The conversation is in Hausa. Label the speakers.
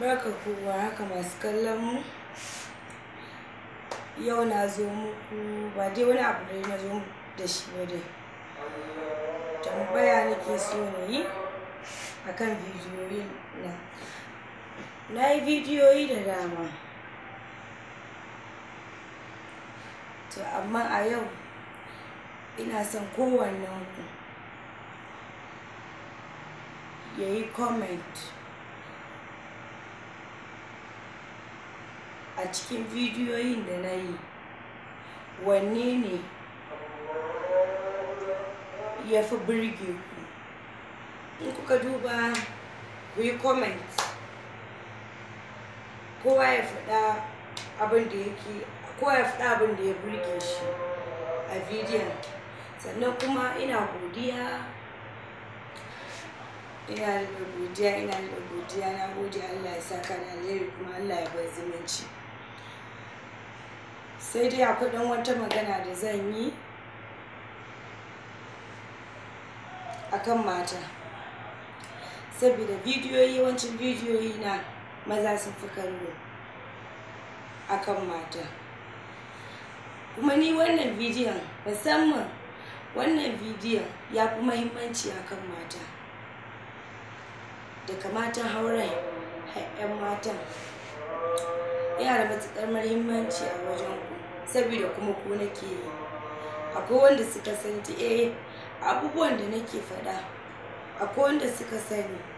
Speaker 1: barka kowa haka masu kallon mu yau na zo muku ba dai wani abu da na zo da shi ba dai tambaya nake so ne yi a kan bidiyoyi na na yi bidiyoyi da dama to amma a yau ina son kowannen ku ya yi comment a cikin bidiyoyin da na yi wanne ne ya fi birge ku in kuka duba ku yi comment kowa ya faɗa abin da yake kowa ya faɗa abin da ya birge shi a bidiyon sannan kuma ina godiya ina da godiya ina da godiya na gode Allah ya saka na alheri kuma Allah ya bar zumunci sai dai akwai ɗan wata magana da zan yi a kan mata saboda bidiyoyi yawancin bidiyoyi na maza sun fi kallo kan mata kuma ni wannan bidiyon musamman wannan bidiyon ya fi mahimmanci kan mata da kamata hauren 'yan matan yana da matuƙar muhimmanci a wajen ku saboda kuma ku nake yi akwai wanda suka sani eh abubuwan da nake faɗa akwai wanda suka sani